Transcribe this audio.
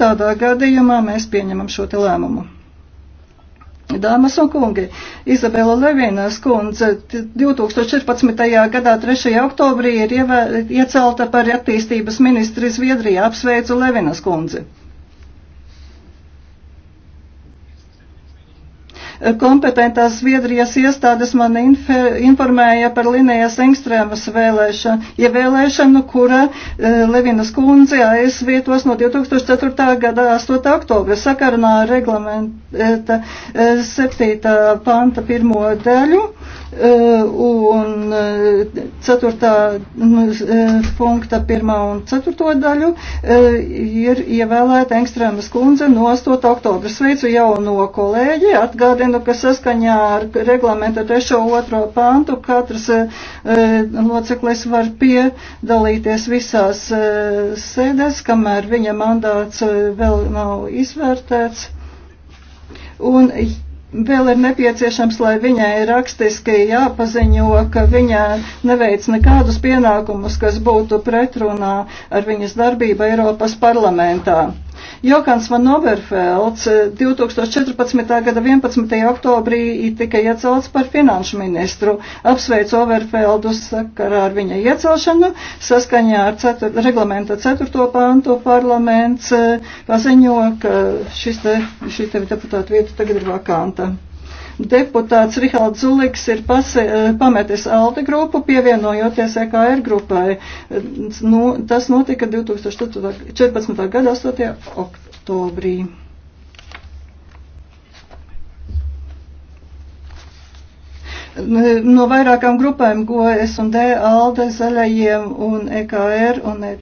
tādā gadījumā mēs pieņemam šo te lēmumu. Dāmas un kungi, Izabela Levinas kundze 2014. gadā 3. oktobrī ir iecelta par attīstības ministri Zviedrijā. Apsveicu Levinas kundzi! Kompetentās Zviedrijas iestādes man informēja par Linējas Engstrēmas vēlēšanu, ievēlēšanu, kura eh, Levinas kundze aizvietos no 2004. gada 8. oktobra sakarnā reglamenta 7. Eh, panta pirmo daļu. Eh, un 4. Eh, mm, eh, punkta 1. un 4. daļu ir ievēlēta Engstrēmas kundze no 8. oktobra. Sveicu jauno kolēģi, atgādinu, ka saskaņā ar reglamenta 3. 2. pāntu katrs loceklis var piedalīties visās sēdēs, kamēr viņa mandāts vēl nav izvērtēts. Un, Vēl ir nepieciešams, lai viņai rakstiski jāpaziņo, ka viņa neveic nekādus pienākumus, kas būtu pretrunā ar viņas darbību Eiropas parlamentā. Jokans Van Oberfelds 2014. Eh, gada 11. oktobrī tika iecelts par finanšu ministru. Apsveicu Oberfeldu sakarā ar viņa iecelšanu. Saskaņā ar cetur, reglamenta 4. pantu parlaments eh, paziņo, ka šis te, šī te deputāta vieta tagad ir vakanta. Deputāts Rihalds Zuliks ir pase, eh, pametis Alde grupu, pievienojoties EKR grupai. Nu, tas notika 2014. gada 8. oktobrī. Nu, no vairākām grupēm, ko es un D, Alde, Zaļajiem un EKR un EKR.